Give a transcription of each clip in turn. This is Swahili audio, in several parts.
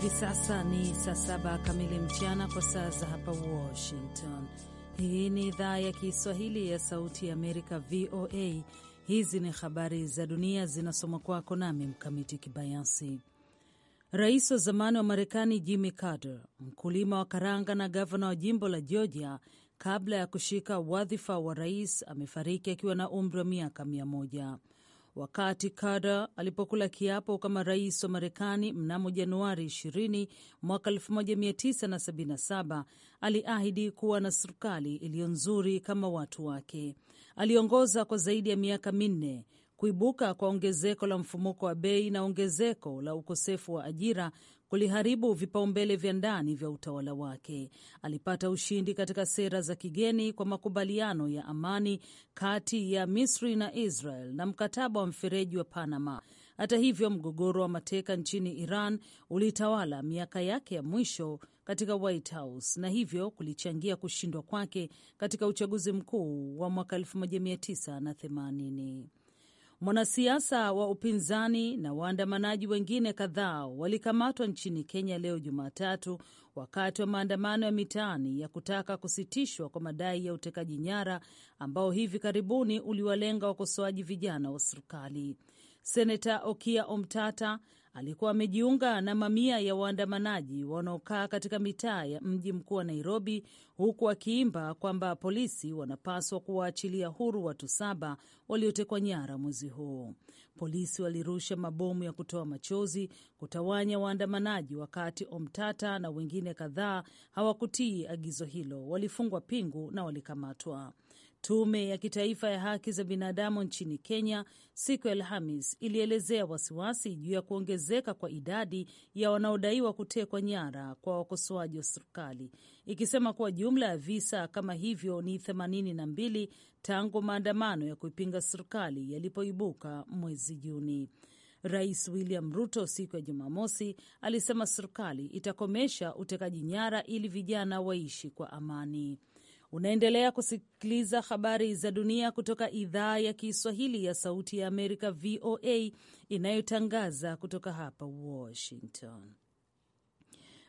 Hivi sasa ni saa saba kamili mchana kwa saa za hapa Washington. Hii ni idhaa ya Kiswahili ya Sauti ya Amerika, VOA. Hizi ni habari za dunia zinasoma kwako nami Mkamiti Kibayasi. Rais wa zamani wa Marekani Jimmy Carter, mkulima wa karanga na gavana wa jimbo la Georgia kabla ya kushika wadhifa wa rais, amefariki akiwa na umri wa miaka mia moja wakati Carter alipokula kiapo kama rais wa Marekani mnamo Januari 20 mwaka 1977, aliahidi kuwa na serikali iliyo nzuri kama watu wake. Aliongoza kwa zaidi ya miaka minne. Kuibuka kwa ongezeko la mfumuko wa bei na ongezeko la ukosefu wa ajira kuliharibu vipaumbele vya ndani vya utawala wake. Alipata ushindi katika sera za kigeni kwa makubaliano ya amani kati ya Misri na Israel na mkataba wa mfereji wa Panama. Hata hivyo, mgogoro wa mateka nchini Iran ulitawala miaka yake ya mwisho katika White House na hivyo kulichangia kushindwa kwake katika uchaguzi mkuu wa mwaka 1980. Mwanasiasa wa upinzani na waandamanaji wengine kadhaa walikamatwa nchini Kenya leo Jumatatu wakati wa maandamano ya mitaani ya kutaka kusitishwa kwa madai ya utekaji nyara ambao hivi karibuni uliwalenga wakosoaji vijana wa serikali. Seneta Okia Omtata alikuwa amejiunga na mamia ya waandamanaji wanaokaa katika mitaa ya mji mkuu wa Nairobi, huku akiimba kwamba polisi wanapaswa kuwaachilia huru watu saba waliotekwa nyara mwezi huu. Polisi walirusha mabomu ya kutoa machozi kutawanya waandamanaji, wakati Omtata na wengine kadhaa hawakutii agizo hilo, walifungwa pingu na walikamatwa. Tume ya Kitaifa ya Haki za Binadamu nchini Kenya siku ya Alhamis ilielezea wasiwasi juu ya kuongezeka kwa idadi ya wanaodaiwa kutekwa nyara kwa wakosoaji wa serikali, ikisema kuwa jumla ya visa kama hivyo ni 82 tangu maandamano ya kuipinga serikali yalipoibuka mwezi Juni. Rais William Ruto siku ya Jumamosi alisema serikali itakomesha utekaji nyara ili vijana waishi kwa amani. Unaendelea kusikiliza habari za dunia kutoka idhaa ya Kiswahili ya Sauti ya Amerika, VOA, inayotangaza kutoka hapa Washington.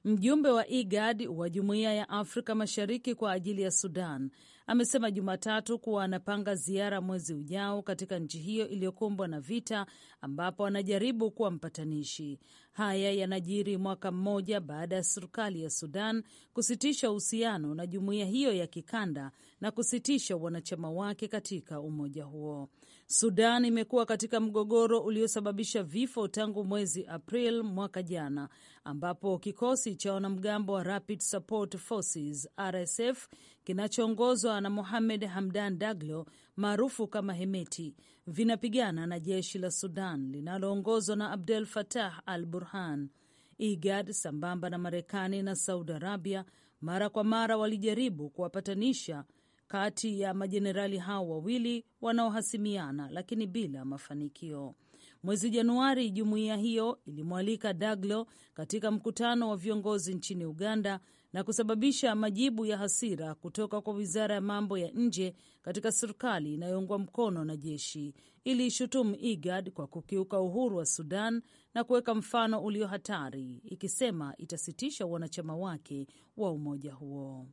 Mjumbe wa IGAD wa Jumuiya ya Afrika Mashariki kwa ajili ya Sudan amesema Jumatatu kuwa anapanga ziara mwezi ujao katika nchi hiyo iliyokumbwa na vita, ambapo anajaribu kuwa mpatanishi. Haya yanajiri mwaka mmoja baada ya serikali ya Sudan kusitisha uhusiano na jumuiya hiyo ya kikanda na kusitisha wanachama wake katika umoja huo. Sudan imekuwa katika mgogoro uliosababisha vifo tangu mwezi April mwaka jana, ambapo kikosi cha wanamgambo wa Rapid Support Forces RSF kinachoongozwa na Mohamed Hamdan Daglo maarufu kama Hemeti vinapigana na jeshi la Sudan linaloongozwa na Abdel Fattah al Burhan. IGAD sambamba na Marekani na Saudi Arabia mara kwa mara walijaribu kuwapatanisha kati ya majenerali hao wawili wanaohasimiana, lakini bila mafanikio. Mwezi Januari, jumuiya hiyo ilimwalika Daglo katika mkutano wa viongozi nchini Uganda na kusababisha majibu ya hasira kutoka kwa wizara ya mambo ya nje katika serikali inayoungwa mkono na jeshi. Iliishutumu IGAD kwa kukiuka uhuru wa Sudan na kuweka mfano ulio hatari, ikisema itasitisha wanachama wake wa umoja huo.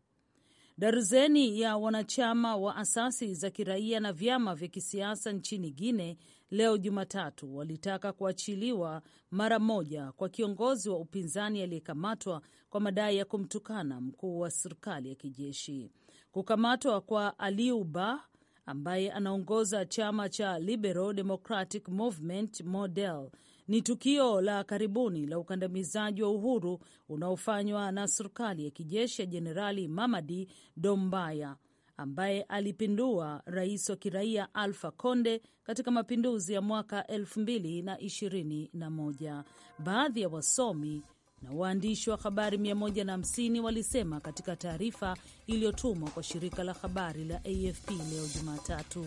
Daruzeni ya wanachama wa asasi za kiraia na vyama vya kisiasa nchini guine leo Jumatatu walitaka kuachiliwa mara moja kwa kiongozi wa upinzani aliyekamatwa kwa madai ya kumtukana mkuu wa serikali ya kijeshi. Kukamatwa kwa Aliou ba ambaye anaongoza chama cha Liberal Democratic Movement MODEL ni tukio la karibuni la ukandamizaji wa uhuru unaofanywa na serikali ya kijeshi ya Jenerali Mamadi Dombaya ambaye alipindua rais wa kiraia Alfa conde katika mapinduzi ya mwaka 2021. Baadhi ya wasomi na waandishi wa habari 150 walisema katika taarifa iliyotumwa kwa shirika la habari la AFP leo Jumatatu.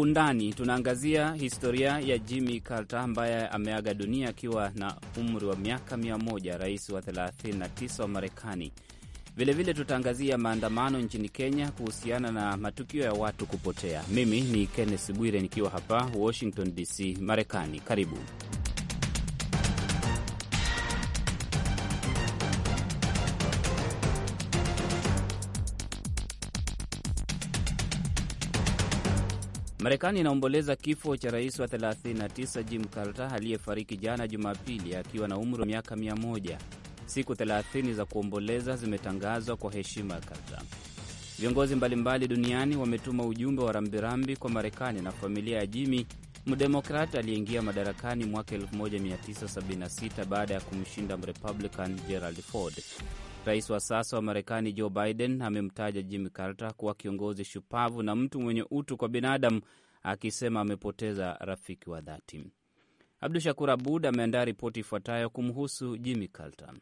undani tunaangazia historia ya Jimmy Carter ambaye ameaga dunia akiwa na umri wa miaka 1 rais wa 39 wa Marekani. Vilevile tutaangazia maandamano nchini Kenya kuhusiana na matukio ya watu kupotea. Mimi ni Kenneth Bwire nikiwa hapa Washington DC, Marekani. Karibu. Marekani inaomboleza kifo cha rais wa 39 Jim Carter aliyefariki jana Jumapili akiwa na umri wa miaka 100. Siku 30 za kuomboleza zimetangazwa kwa heshima ya Carter. Viongozi mbalimbali duniani wametuma ujumbe wa rambirambi kwa Marekani na familia ya Jimmy, mdemokrat aliyeingia madarakani mwaka 1976 baada ya kumshinda mrepublican Gerald Ford. Rais wa sasa wa Marekani Joe Biden amemtaja Jimmy Carter kuwa kiongozi shupavu na mtu mwenye utu kwa binadamu, akisema amepoteza rafiki wa dhati. Abdu Shakur Abud ameandaa ripoti ifuatayo kumhusu Jimmy Carter.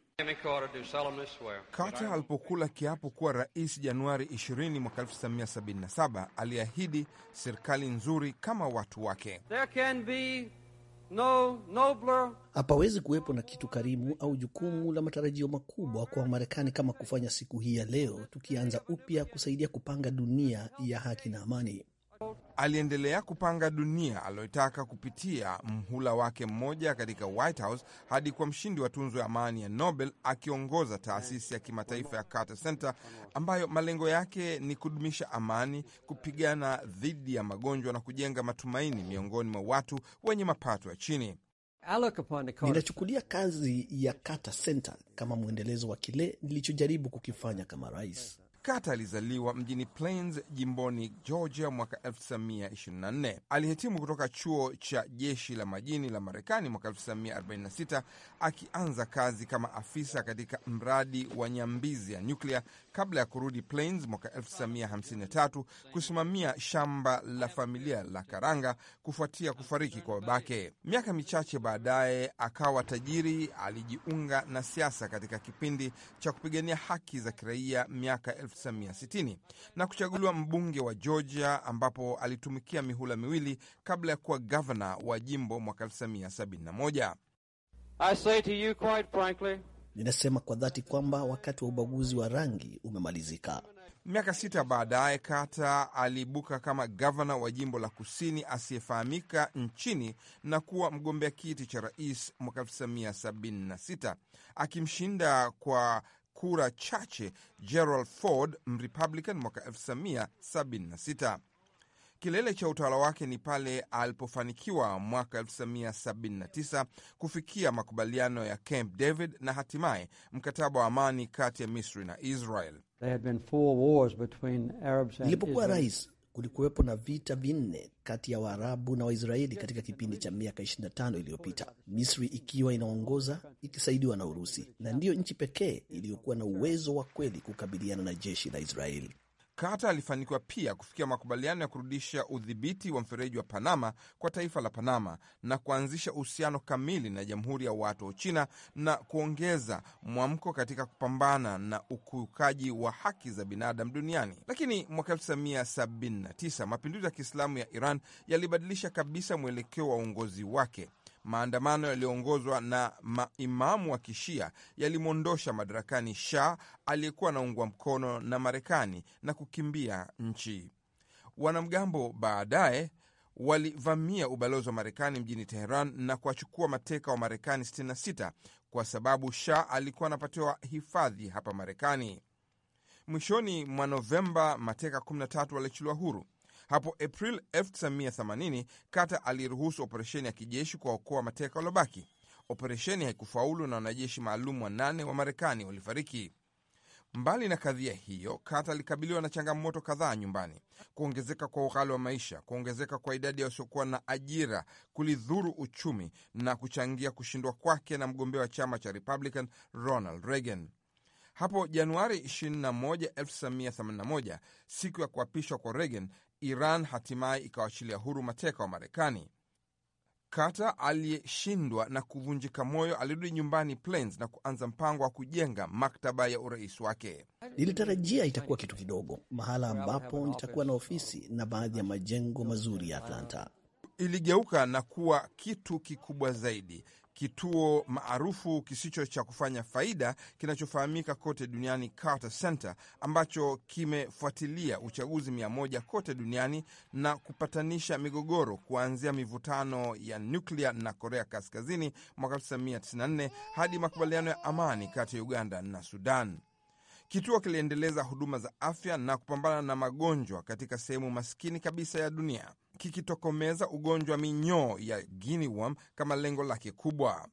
Carter alipokula kiapo kuwa rais Januari 20 mwaka 1977 aliahidi serikali nzuri kama watu wake There can be no nobler Hapawezi kuwepo na kitu karimu au jukumu la matarajio makubwa kwa Wamarekani kama kufanya siku hii ya leo tukianza upya kusaidia kupanga dunia ya haki na amani aliendelea kupanga dunia aliyotaka kupitia mhula wake mmoja katika White House hadi kwa mshindi wa tunzo ya amani ya Nobel, akiongoza taasisi ya kimataifa ya Carter Center ambayo malengo yake ni kudumisha amani, kupigana dhidi ya magonjwa na kujenga matumaini miongoni mwa watu wenye mapato ya chini. Ninachukulia kazi ya Carter Center kama mwendelezo wa kile nilichojaribu kukifanya kama rais kata alizaliwa mjini Plains, jimboni Georgia mwaka 1924. Alihitimu kutoka chuo cha jeshi la majini la Marekani mwaka 1946, akianza kazi kama afisa katika mradi wa nyambizi ya nyuklia kabla ya kurudi Plains mwaka 1953 kusimamia shamba la familia la karanga kufuatia kufariki kwa babake. Miaka michache baadaye akawa tajiri. Alijiunga na siasa katika kipindi cha kupigania haki za kiraia miaka 1960 na kuchaguliwa mbunge wa Georgia, ambapo alitumikia mihula miwili kabla ya kuwa gavana wa jimbo mwaka 1971. Ninasema kwa dhati kwamba wakati wa ubaguzi wa rangi umemalizika. Miaka sita baadaye, Carter aliibuka kama gavana wa jimbo la kusini asiyefahamika nchini na kuwa mgombea kiti cha rais mwaka 1976 akimshinda kwa kura chache Gerald Ford, Mrepublican, mwaka 1976. Kilele cha utawala wake ni pale alipofanikiwa mwaka 1979 kufikia makubaliano ya Camp David na hatimaye mkataba wa amani kati ya Misri na Israel. Nilipokuwa rais kulikuwepo na vita vinne kati ya Waarabu na Waisraeli katika kipindi cha miaka 25 iliyopita, Misri ikiwa inaongoza ikisaidiwa na Urusi, na ndiyo nchi pekee iliyokuwa na uwezo wa kweli kukabiliana na jeshi la Israeli. Carter alifanikiwa pia kufikia makubaliano ya kurudisha udhibiti wa mfereji wa Panama kwa taifa la Panama na kuanzisha uhusiano kamili na Jamhuri ya Watu wa China na kuongeza mwamko katika kupambana na ukiukaji wa haki za binadamu duniani. Lakini mwaka 1979 mapinduzi ya Kiislamu ya Iran yalibadilisha kabisa mwelekeo wa uongozi wake. Maandamano yaliyoongozwa na maimamu wa kishia yalimwondosha madarakani Shah aliyekuwa anaungwa mkono na Marekani na kukimbia nchi. Wanamgambo baadaye walivamia ubalozi wa Marekani mjini Teheran na kuwachukua mateka wa Marekani 66 kwa sababu Shah alikuwa anapatiwa hifadhi hapa Marekani. Mwishoni mwa Novemba mateka 13 waliachiliwa huru. Hapo April 1980 Kata aliruhusu operesheni ya kijeshi kwa okoa mateka waliobaki. Operesheni haikufaulu na wanajeshi maalum wanane wa Marekani walifariki. Mbali na kadhia hiyo, Kata alikabiliwa na changamoto kadhaa nyumbani: kuongezeka kwa ughali wa maisha, kuongezeka kwa idadi ya wasiokuwa na ajira kulidhuru uchumi na kuchangia kushindwa kwake na mgombea wa chama cha Republican Ronald Reagan. Hapo Januari 21, 1981, siku ya kuapishwa kwa Reagan, Iran hatimaye ikawaachilia huru mateka wa Marekani. kata aliyeshindwa na kuvunjika moyo alirudi nyumbani Plains na kuanza mpango wa kujenga maktaba ya urais wake. Nilitarajia itakuwa kitu kidogo, mahala ambapo nitakuwa na ofisi na baadhi ya majengo mazuri ya Atlanta. Iligeuka na kuwa kitu kikubwa zaidi, kituo maarufu kisicho cha kufanya faida kinachofahamika kote duniani Carter Center, ambacho kimefuatilia uchaguzi mia moja kote duniani na kupatanisha migogoro kuanzia mivutano ya nuklia na Korea Kaskazini mwaka 1994 hadi makubaliano ya amani kati ya Uganda na Sudan. Kituo kiliendeleza huduma za afya na kupambana na magonjwa katika sehemu maskini kabisa ya dunia kikitokomeza ugonjwa minyoo ya guinea kama lengo lake kubwa.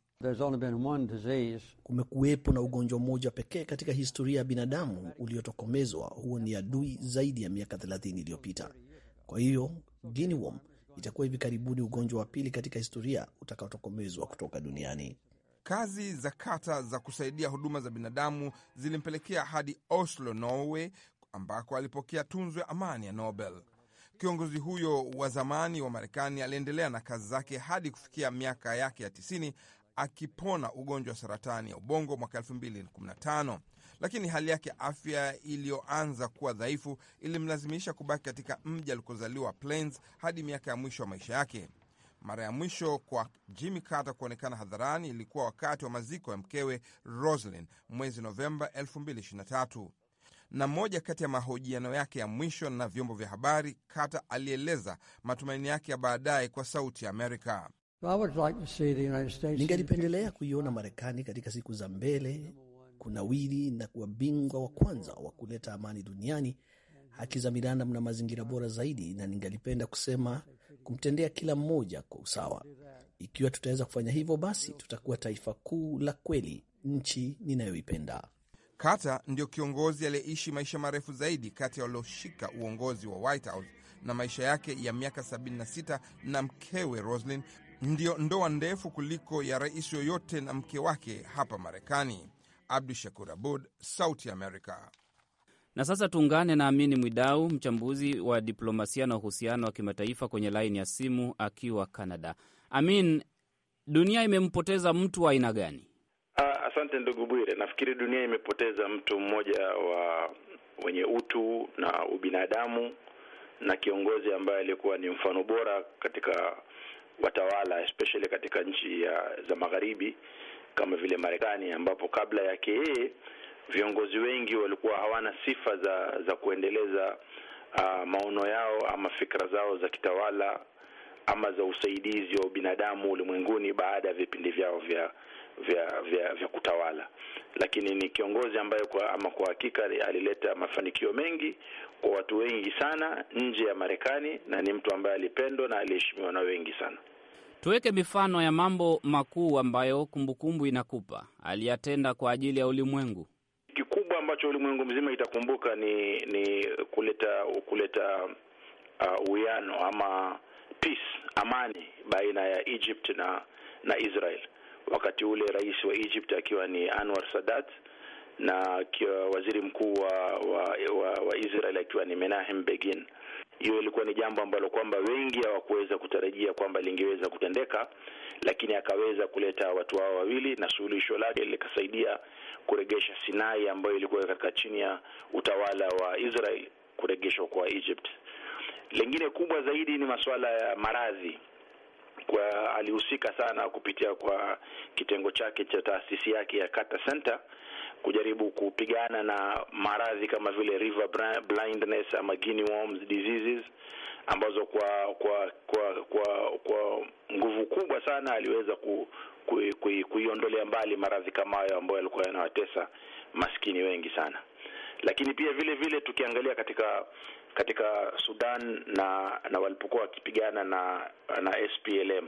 Kumekuwepo na ugonjwa mmoja pekee katika historia ya binadamu uliotokomezwa, huo ni adui zaidi ya miaka 30 iliyopita. Kwa hiyo guinea itakuwa hivi karibuni ugonjwa wa pili katika historia utakaotokomezwa kutoka duniani. Kazi za kata za kusaidia huduma za binadamu zilimpelekea hadi Oslo, Norway, ambako alipokea tunzo ya amani ya Nobel. Kiongozi huyo wa zamani wa Marekani aliendelea na kazi zake hadi kufikia miaka yake ya 90 akipona ugonjwa wa saratani ya ubongo mwaka 2015, lakini hali yake afya iliyoanza kuwa dhaifu ilimlazimisha kubaki katika mji alikozaliwa Plains hadi miaka ya mwisho ya maisha yake. Mara ya mwisho kwa Jimmy Carter kuonekana hadharani ilikuwa wakati wa maziko ya mkewe Rosalynn mwezi Novemba 2023 na moja kati ya mahojiano yake ya mwisho na vyombo vya habari, Kata alieleza matumaini yake ya baadaye kwa Sauti ya Amerika. Ningelipendelea kuiona Marekani katika siku za mbele kunawiri na kuwa bingwa wa kwanza wa kuleta amani duniani, haki za binadamu na mazingira bora zaidi, na ningalipenda kusema kumtendea kila mmoja kwa usawa. Ikiwa tutaweza kufanya hivyo, basi tutakuwa taifa kuu la kweli, nchi ninayoipenda. Carter ndio kiongozi aliyeishi maisha marefu zaidi kati ya walioshika uongozi wa White House, na maisha yake ya miaka 76 na mkewe Roslyn ndiyo ndoa ndefu kuliko ya rais yoyote na mke wake hapa Marekani. Abdu Shakur Abud, Sauti america Na sasa tuungane na Amini Mwidau, mchambuzi wa diplomasia na uhusiano wa kimataifa kwenye laini ya simu akiwa Canada. Amin, dunia imempoteza mtu wa aina gani? Asante ndugu Bwire, nafikiri dunia imepoteza mtu mmoja wa wenye utu na ubinadamu na kiongozi ambaye alikuwa ni mfano bora katika watawala especially katika nchi ya za magharibi kama vile Marekani, ambapo kabla yake yeye viongozi wengi walikuwa hawana sifa za za kuendeleza uh, maono yao ama fikra zao za kitawala ama za usaidizi wa binadamu ulimwenguni baada ya vipindi vyao vya vya vya vya kutawala, lakini ni kiongozi ambaye kwa ama kwa hakika alileta mafanikio mengi kwa watu wengi sana nje ya Marekani, na ni mtu ambaye alipendwa na aliheshimiwa na wengi sana. Tuweke mifano ya mambo makuu ambayo kumbukumbu inakupa aliyatenda kwa ajili ya ulimwengu. Kikubwa ambacho ulimwengu mzima itakumbuka ni ni kuleta kuleta uh, uwiano ama peace, amani baina ya Egypt na na Israel wakati ule rais wa Egypt akiwa ni Anwar Sadat na waziri mkuu wa, wa, wa, wa Israel akiwa ni menahem Begin. Hiyo ilikuwa ni jambo ambalo kwamba wengi hawakuweza kutarajia kwamba lingeweza kutendeka, lakini akaweza kuleta watu hao wawili na suluhisho lake likasaidia kuregesha Sinai ambayo ilikuwa katika chini ya utawala wa Israel kuregeshwa kwa Egypt. Lingine kubwa zaidi ni masuala ya maradhi kwa alihusika sana kupitia kwa kitengo chake cha taasisi yake ya Kata Center kujaribu kupigana na maradhi kama vile river blindness ama guinea worms diseases ambazo kwa kwa kwa kwa, kwa nguvu kubwa sana aliweza ku, ku, ku, kuiondolea mbali maradhi kama hayo ambayo yalikuwa yanawatesa maskini wengi sana. Lakini pia vile vile tukiangalia katika katika Sudan na na walipokuwa wakipigana na na SPLM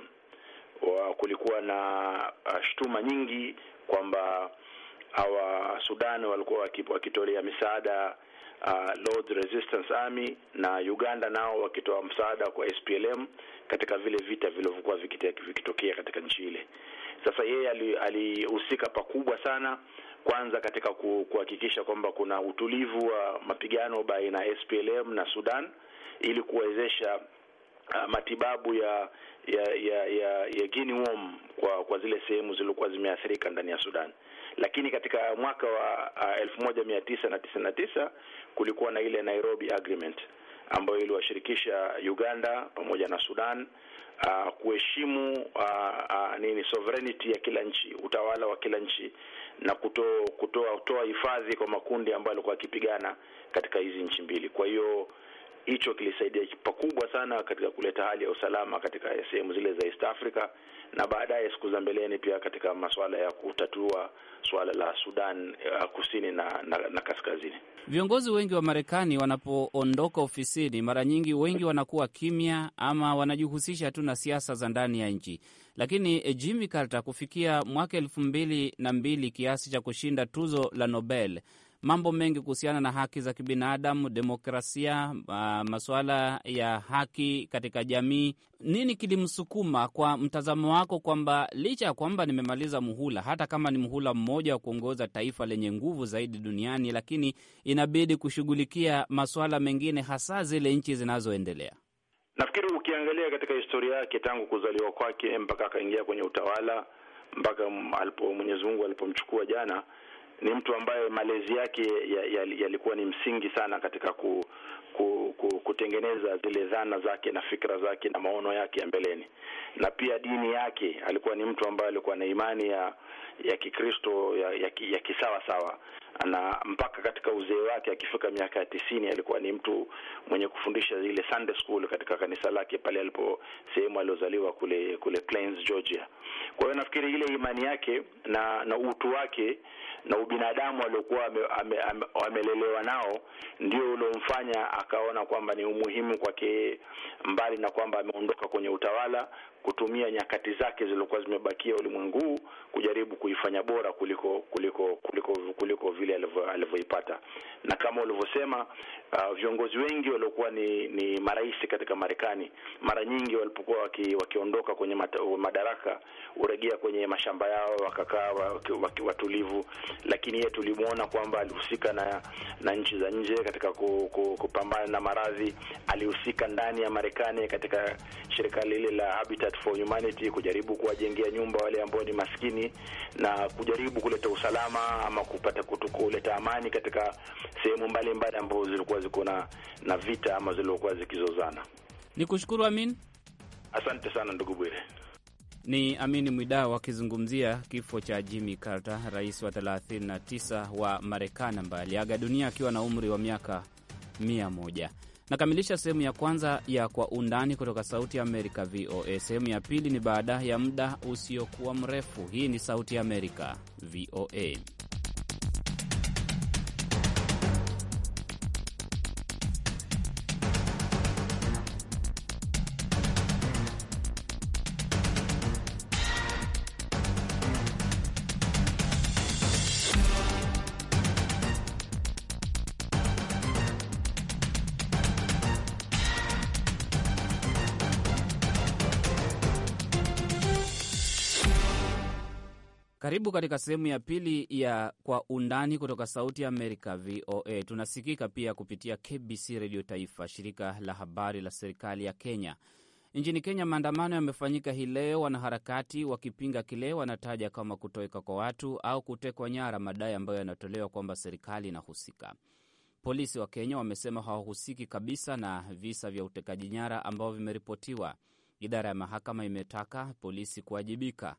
wa kulikuwa na uh, shtuma nyingi kwamba hawa Sudan walikuwa wakitolea misaada uh, Lord Resistance Army na Uganda nao wakitoa msaada kwa SPLM katika vile vita vilivyokuwa vikitokea katika nchi ile. Sasa yeye alihusika pakubwa sana kwanza katika kuhakikisha kwamba kuna utulivu wa mapigano baina ya SPLM na Sudan ili kuwezesha uh, matibabu ya ya ya ya, ya worm kwa kwa zile sehemu zilizokuwa zimeathirika ndani ya Sudan. Lakini katika mwaka wa uh, 1999 kulikuwa na ile Nairobi Agreement ambayo iliwashirikisha Uganda pamoja na Sudan uh, kuheshimu uh, uh, nini sovereignty ya kila nchi, utawala wa kila nchi na kutoa kutoa hifadhi kwa makundi ambayo yalikuwa yakipigana katika hizi nchi mbili. Kwa hiyo hicho kilisaidia pakubwa sana katika kuleta hali ya usalama katika sehemu zile za East Africa, na baadaye siku za mbeleni pia katika masuala ya kutatua suala la Sudan eh, kusini na, na, na kaskazini. Viongozi wengi wa Marekani wanapoondoka ofisini, mara nyingi wengi wanakuwa kimya ama wanajihusisha tu na siasa za ndani ya nchi, lakini eh, Jimmy Carter kufikia mwaka elfu mbili na mbili kiasi cha kushinda tuzo la Nobel mambo mengi kuhusiana na haki za kibinadamu, demokrasia, uh, masuala ya haki katika jamii. Nini kilimsukuma kwa mtazamo wako, kwamba licha ya kwamba nimemaliza muhula, hata kama ni muhula mmoja wa kuongoza taifa lenye nguvu zaidi duniani, lakini inabidi kushughulikia masuala mengine, hasa zile nchi zinazoendelea? Nafikiri ukiangalia katika historia yake tangu kuzaliwa kwake mpaka akaingia kwenye utawala mpaka alipo Mwenyezi Mungu alipomchukua jana ni mtu ambaye malezi yake yalikuwa ya, ya ni msingi sana katika ku, ku, ku, kutengeneza zile dhana zake na fikra zake na maono yake ya mbeleni, na pia dini yake. Alikuwa ni mtu ambaye alikuwa na imani ya ya Kikristo ya, ya, ya kisawa sawa na mpaka katika uzee wake akifika miaka ya tisini alikuwa ni mtu mwenye kufundisha ile Sunday school katika kanisa lake pale alipo sehemu aliozaliwa kule kule Plains, Georgia. Kwa hiyo nafikiri ile imani yake na na utu wake na ubinadamu aliokuwa amelelewa nao ndio uliomfanya akaona kwamba ni umuhimu kwake, mbali na kwamba ameondoka kwenye utawala kutumia nyakati zake zilizokuwa zimebakia ulimwengu huu kujaribu kuifanya bora kuliko kuliko kuliko kuliko vile alivyoipata. Na kama ulivyosema, uh, viongozi wengi waliokuwa ni, ni marais katika Marekani mara nyingi walipokuwa waki, wakiondoka kwenye mata, madaraka uregea kwenye mashamba yao wakakaa watulivu, lakini yeye tulimwona kwamba alihusika na, na nchi za nje katika ku, ku, kupambana na maradhi, alihusika ndani ya Marekani katika shirika lile la Habitat for Humanity kujaribu kuwajengea nyumba wale ambao ni maskini na kujaribu kuleta usalama ama kupata kuleta amani katika sehemu mbalimbali ambazo zilikuwa ziko na vita ama zilizokuwa zikizozana. Ni kushukuru Amin, asante sana ndugu Bwire. Ni Amini Mwidau akizungumzia kifo cha Jimmy Carter, rais wa 39 wa Marekani ambaye aliaga dunia akiwa na umri wa miaka 100. Nakamilisha sehemu ya kwanza ya Kwa Undani kutoka Sauti ya Amerika, VOA. Sehemu ya pili ni baada ya muda usiokuwa mrefu. Hii ni Sauti ya Amerika, VOA. Karibu katika sehemu ya pili ya Kwa Undani kutoka Sauti ya Amerika, VOA. Tunasikika pia kupitia KBC Redio Taifa, shirika la habari la serikali ya Kenya. Nchini Kenya, maandamano yamefanyika hii leo, wanaharakati wakipinga kile wanataja kama kutoweka kwa watu au kutekwa nyara, madai ambayo yanatolewa kwamba serikali inahusika. Polisi wa Kenya wamesema hawahusiki kabisa na visa vya utekaji nyara ambao vimeripotiwa. Idara ya mahakama imetaka polisi kuwajibika.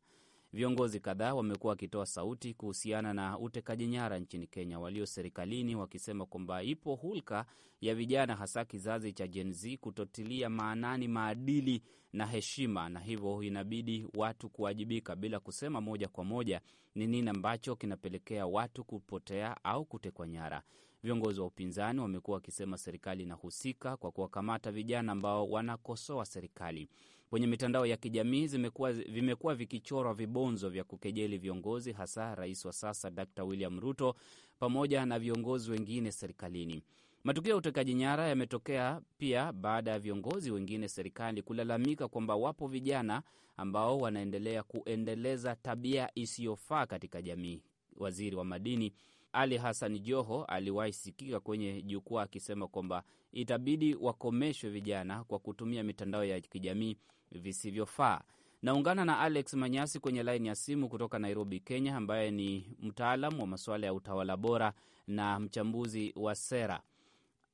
Viongozi kadhaa wamekuwa wakitoa sauti kuhusiana na utekaji nyara nchini Kenya, walio serikalini wakisema kwamba ipo hulka ya vijana, hasa kizazi cha Gen Z, kutotilia maanani maadili na heshima, na hivyo inabidi watu kuwajibika, bila kusema moja kwa moja ni nini ambacho kinapelekea watu kupotea au kutekwa nyara. Viongozi wa upinzani wamekuwa wakisema serikali inahusika kwa kuwakamata vijana ambao wanakosoa serikali kwenye mitandao ya kijamii zimekuwa, vimekuwa vikichorwa vibonzo vya kukejeli viongozi, hasa rais wa sasa Dr. William Ruto pamoja na viongozi wengine serikalini. Matukio ya utekaji nyara yametokea pia baada ya viongozi wengine serikali kulalamika kwamba wapo vijana ambao wanaendelea kuendeleza tabia isiyofaa katika jamii. Waziri wa madini Ali Hassan Joho aliwahi sikika kwenye jukwaa akisema kwamba itabidi wakomeshwe vijana kwa kutumia mitandao ya kijamii visivyofaa. Naungana na Alex Manyasi kwenye laini ya simu kutoka Nairobi, Kenya, ambaye ni mtaalam wa masuala ya utawala bora na mchambuzi wa sera.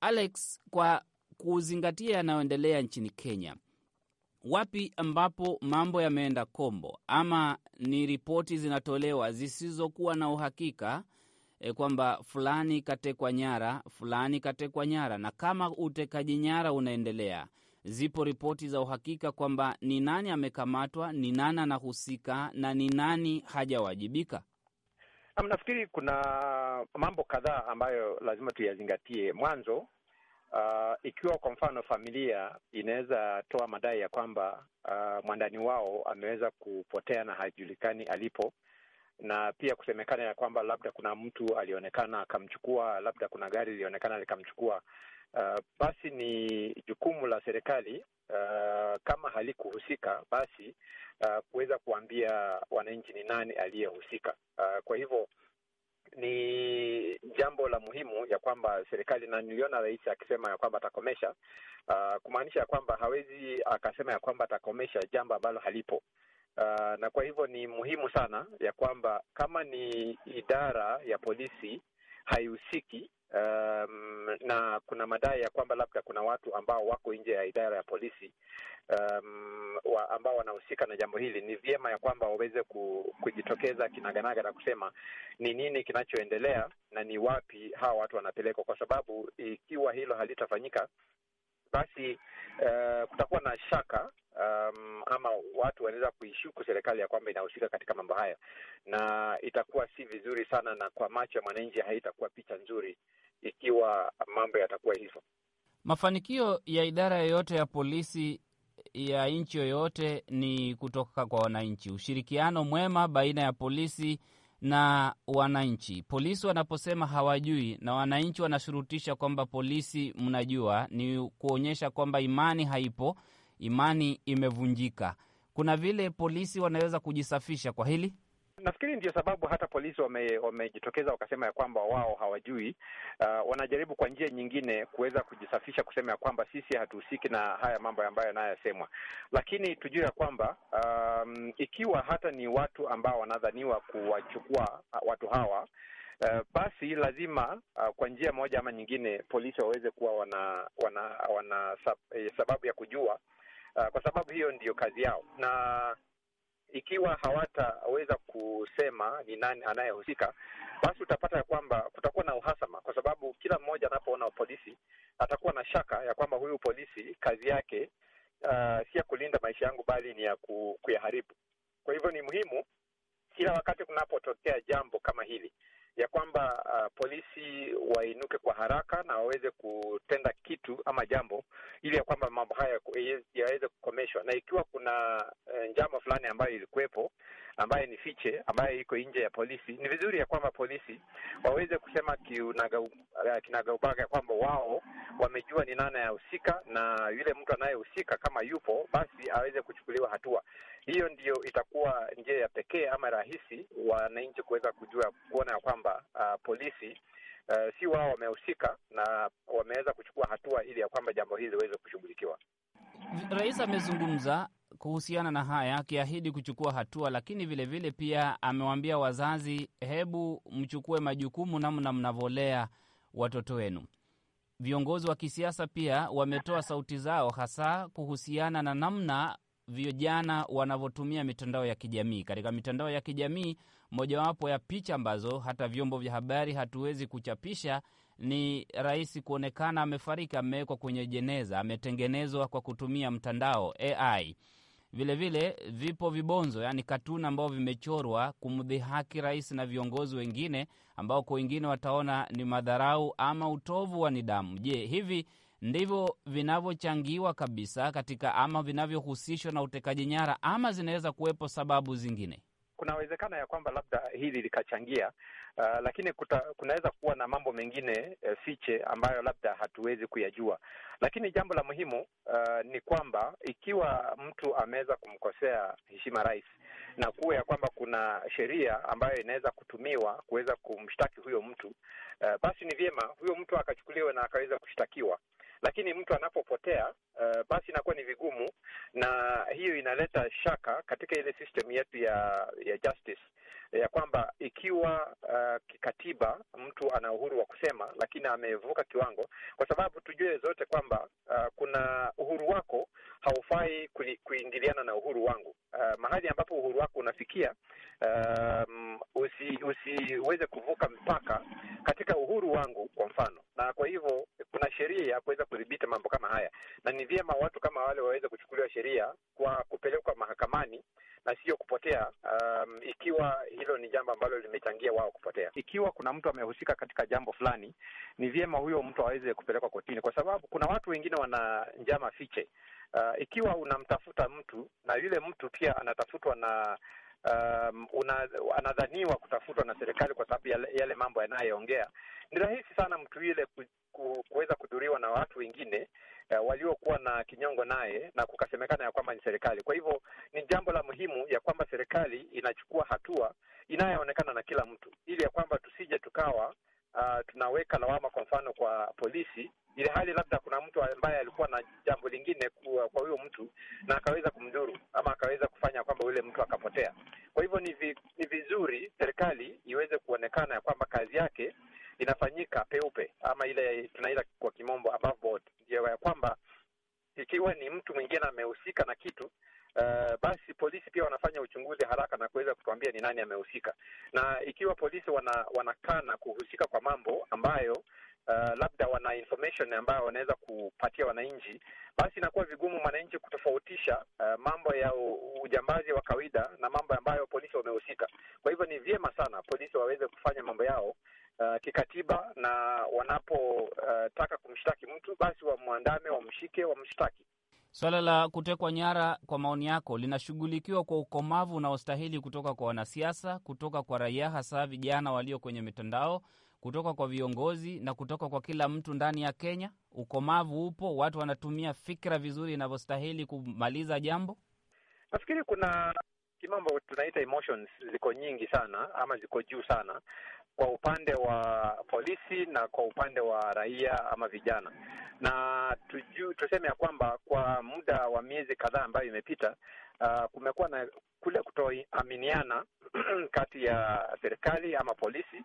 Alex, kwa kuzingatia yanayoendelea nchini Kenya, wapi ambapo mambo yameenda kombo ama ni ripoti zinatolewa zisizokuwa na uhakika e, kwamba fulani katekwa nyara, fulani katekwa nyara, na kama utekaji nyara unaendelea zipo ripoti za uhakika kwamba ni nani amekamatwa, ni nani anahusika na ni nani hajawajibika? Nafikiri kuna mambo kadhaa ambayo lazima tuyazingatie. Mwanzo, uh, ikiwa kwa mfano familia inaweza toa madai ya kwamba uh, mwandani wao ameweza kupotea na hajulikani alipo, na pia kusemekana ya kwamba labda kuna mtu alionekana akamchukua, labda kuna gari lilionekana likamchukua, uh, basi ni jukumu la serikali uh, kama halikuhusika basi uh, kuweza kuambia wananchi ni nani aliyehusika. Uh, kwa hivyo ni jambo la muhimu ya kwamba serikali, na niliona rais akisema ya kwamba atakomesha, uh, kumaanisha ya kwamba hawezi akasema ya kwamba atakomesha jambo ambalo halipo. Uh, na kwa hivyo ni muhimu sana ya kwamba kama ni idara ya polisi haihusiki um, na kuna madai ya kwamba labda kuna watu ambao wako nje ya idara ya polisi um, wa ambao wanahusika na jambo hili. Ni vyema ya kwamba waweze kujitokeza kinaganaga na kusema ni nini kinachoendelea na ni wapi hawa watu wanapelekwa, kwa sababu ikiwa hilo halitafanyika basi uh, kutakuwa na shaka um, ama watu wanaweza kuishuku serikali ya kwamba inahusika katika mambo haya, na itakuwa si vizuri sana, na kwa macho ya mwananchi haitakuwa picha nzuri ikiwa mambo yatakuwa hivyo. Mafanikio ya idara yoyote ya polisi ya nchi yoyote ni kutoka kwa wananchi, ushirikiano mwema baina ya polisi na wananchi. Polisi wanaposema hawajui na wananchi wanashurutisha kwamba polisi mnajua, ni kuonyesha kwamba imani haipo, imani imevunjika. Kuna vile polisi wanaweza kujisafisha kwa hili nafikiri ndio sababu hata polisi wamejitokeza wame wakasema ya kwamba wao hawajui. Uh, wanajaribu kwa njia nyingine kuweza kujisafisha kusema ya kwamba sisi hatuhusiki na haya mambo ambayo yanayosemwa, lakini tujue ya kwamba um, ikiwa hata ni watu ambao wanadhaniwa kuwachukua uh, watu hawa Uh, basi lazima uh, kwa njia moja ama nyingine polisi waweze kuwa wana wana, wana sab, eh, sababu ya kujua uh, kwa sababu hiyo ndiyo kazi yao, na ikiwa hawataweza kusema ni nani anayehusika, basi utapata ya kwamba kutakuwa na uhasama, kwa sababu kila mmoja anapoona polisi atakuwa na shaka ya kwamba huyu polisi kazi yake uh, si ya kulinda maisha yangu, bali ni ya kuyaharibu. Kwa hivyo ni muhimu kila wakati kunapotokea jambo kama hili ya kwamba uh, polisi wainuke kwa haraka na waweze kutenda kitu ama jambo ili ya kwamba mambo haya yaweze kukomeshwa, na ikiwa kuna uh, njama fulani ambayo ilikuwepo ambaye ni fiche, ambaye iko nje ya polisi, ni vizuri ya kwamba polisi waweze kusema eh, kinagaubaga kwamba wao wamejua ni nani anahusika, na yule mtu anayehusika kama yupo, basi aweze kuchukuliwa hatua. Hiyo ndiyo itakuwa njia ya pekee ama rahisi wananchi kuweza kujua kuona ya kwamba uh, polisi Uh, si wao wamehusika na wameweza kuchukua hatua ili ya kwamba jambo hili liweze kushughulikiwa. Rais amezungumza kuhusiana na haya akiahidi kuchukua hatua, lakini vilevile vile pia amewaambia wazazi, hebu mchukue majukumu namna mnavyolea watoto wenu. Viongozi wa kisiasa pia wametoa sauti zao, hasa kuhusiana na namna vijana wanavyotumia mitandao ya kijamii. Katika mitandao ya kijamii, mojawapo ya picha ambazo hata vyombo vya habari hatuwezi kuchapisha ni rais kuonekana amefariki, amewekwa kwenye jeneza, ametengenezwa kwa kutumia mtandao AI. Vilevile vile, vipo vibonzo yaani katuni ambao vimechorwa kumdhihaki rais na viongozi wengine ambao kwa wengine wataona ni madharau ama utovu wa nidhamu. Je, hivi ndivyo vinavyochangiwa kabisa katika ama vinavyohusishwa na utekaji nyara ama zinaweza kuwepo sababu zingine? Kuna uwezekano ya kwamba labda hili likachangia, Uh, lakini kunaweza kuwa na mambo mengine uh, fiche ambayo labda hatuwezi kuyajua, lakini jambo la muhimu uh, ni kwamba ikiwa mtu ameweza kumkosea heshima rais na kuwa ya kwamba kuna sheria ambayo inaweza kutumiwa kuweza kumshtaki huyo mtu uh, basi ni vyema huyo mtu akachukuliwa na akaweza kushtakiwa lakini mtu anapopotea uh, basi inakuwa ni vigumu, na hiyo inaleta shaka katika ile system yetu ya ya justice ya kwamba ikiwa uh, kikatiba mtu ana uhuru wa kusema, lakini amevuka kiwango, kwa sababu tujue zote kwamba uh, kuna uhuru wako haufai kuingiliana na uhuru wangu. Uh, mahali ambapo uhuru wako unafikia, um, usiweze usi kuvuka mpaka waweze kupelekwa kotini, kwa sababu kuna watu wengine wana njama fiche. Uh, ikiwa unamtafuta mtu na yule mtu pia anatafutwa na Um, una, anadhaniwa kutafutwa na serikali kwa sababu yale, yale mambo yanayoongea, ni rahisi sana mtu yule ku, ku, kuweza kudhuriwa na watu wengine uh, waliokuwa na kinyongo naye na kukasemekana ya kwamba ni serikali. Kwa hivyo ni jambo la muhimu ya kwamba serikali inachukua hatua inayoonekana na kila mtu, ili ya kwamba tusije tukawa uh, tunaweka lawama kwa mfano kwa polisi, ili hali labda kuna mtu ambaye alikuwa na jambo lingine kwa, kwa huyo mtu na akaweza kumdhuru ama akaweza kufanya kwamba yule mtu akapotea. Kwa hivyo ni, vi, ni vizuri serikali iweze kuonekana ya kwamba kazi yake inafanyika peupe ama ile tunaita kwa kimombo above board, ndio ya kwamba ikiwa ni mtu mwingine amehusika na kitu uh, basi polisi pia wanafanya uchunguzi haraka na kuweza kutuambia ni nani amehusika, na ikiwa polisi wana, wanakana kuhusika kwa mambo ambayo Uh, labda wana information ambayo wanaweza kupatia wananchi, basi inakuwa vigumu mwananchi kutofautisha uh, mambo ya ujambazi wa kawaida na mambo ambayo polisi wamehusika. Kwa hivyo ni vyema sana polisi waweze kufanya mambo yao uh, kikatiba, na wanapotaka uh, kumshtaki mtu basi wamwandame, wamshike, wamshtaki Swala la kutekwa nyara, kwa maoni yako, linashughulikiwa kwa ukomavu unaostahili kutoka kwa wanasiasa, kutoka kwa raia, hasa vijana walio kwenye mitandao, kutoka kwa viongozi na kutoka kwa kila mtu ndani ya Kenya? Ukomavu upo, watu wanatumia fikra vizuri inavyostahili kumaliza jambo? Nafikiri kuna kimambo tunaita emotions ziko nyingi sana ama ziko juu sana, kwa upande wa polisi na kwa upande wa raia ama vijana, na tuju, tuseme ya kwamba kwa muda wa miezi kadhaa ambayo imepita, uh, kumekuwa na kule kutoaminiana kati ya serikali ama polisi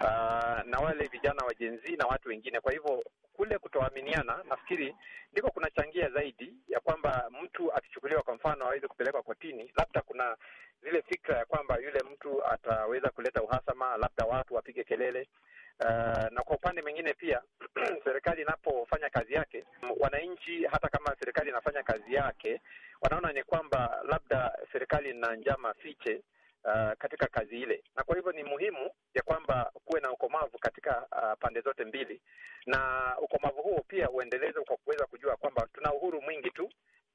uh, na wale vijana wa jenzi na watu wengine. Kwa hivyo kule kutoaminiana nafikiri ndiko kunachangia zaidi ya kwamba mtu akichukuliwa kwa mfano aweze kupelekwa kotini, labda kuna zile fikra ya kwamba yule mtu ataweza kuleta uhasama, labda watu wapige kelele. Uh, na kwa upande mwingine pia serikali inapofanya kazi yake, wananchi hata kama serikali inafanya kazi yake, wanaona ni kwamba labda serikali ina njama fiche uh, katika kazi ile, na kwa hivyo ni muhimu ya kwamba kuwe na ukomavu katika uh, pande zote mbili, na ukomavu huo pia uendelezwe kwa kuweza kujua kwamba tuna uhuru mwingi tu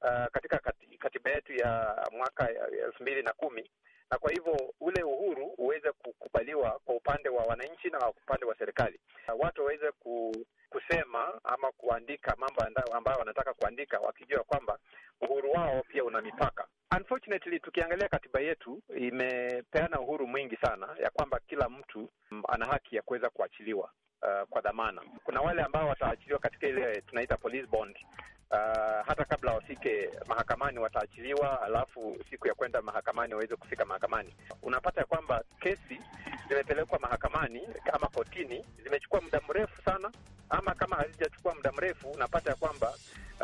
uh, katika katiba yetu ya mwaka elfu mbili na kumi na kwa hivyo ule uhuru uweze kukubaliwa kwa upande wa wananchi na kwa upande wa serikali, uh, watu waweze ku kusema ama kuandika mambo ambayo wanataka kuandika, wakijua kwamba uhuru wao pia una mipaka. Unfortunately, tukiangalia katiba yetu imepeana uhuru mwingi sana, ya kwamba kila mtu mm, ana haki ya kuweza kuachiliwa Uh, kwa dhamana kuna wale ambao wataachiliwa katika ile tunaita police bond, Uh, hata kabla wafike mahakamani wataachiliwa, alafu siku ya kwenda mahakamani waweze kufika mahakamani. Unapata ya kwamba kesi zimepelekwa mahakamani ama kotini, zimechukua muda mrefu sana, ama kama hazijachukua muda mrefu, unapata ya kwamba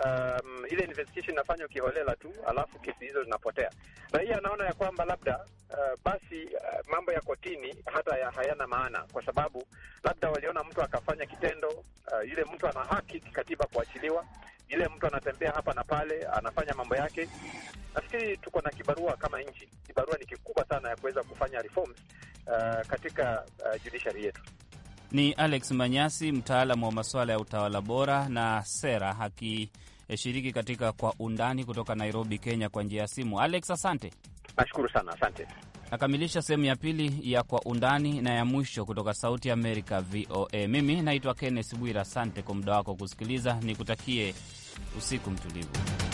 um, ile investigation inafanywa kiholela tu, alafu kesi hizo zinapotea. Na hii anaona ya kwamba labda uh, basi uh, mambo ya kotini hata ya hayana maana, kwa sababu labda waliona mtu akafanya kitendo uh, yule mtu ana haki kikatiba kuachiliwa ile mtu anatembea hapa na pale, anafanya mambo yake. Nafikiri tuko na kibarua kama nchi, kibarua ni kikubwa sana ya kuweza kufanya reforms uh, katika uh, judiciary yetu. Ni Alex Manyasi, mtaalamu wa masuala ya utawala bora na sera, akishiriki katika Kwa Undani kutoka Nairobi, Kenya, kwa njia ya simu. Alex, asante. Nashukuru sana, asante. Nakamilisha sehemu ya pili ya Kwa Undani na ya mwisho kutoka Sauti ya Amerika, VOA. Mimi naitwa Kenneth Bwira, asante kwa muda wako kusikiliza, nikutakie وصيكم تنيبوا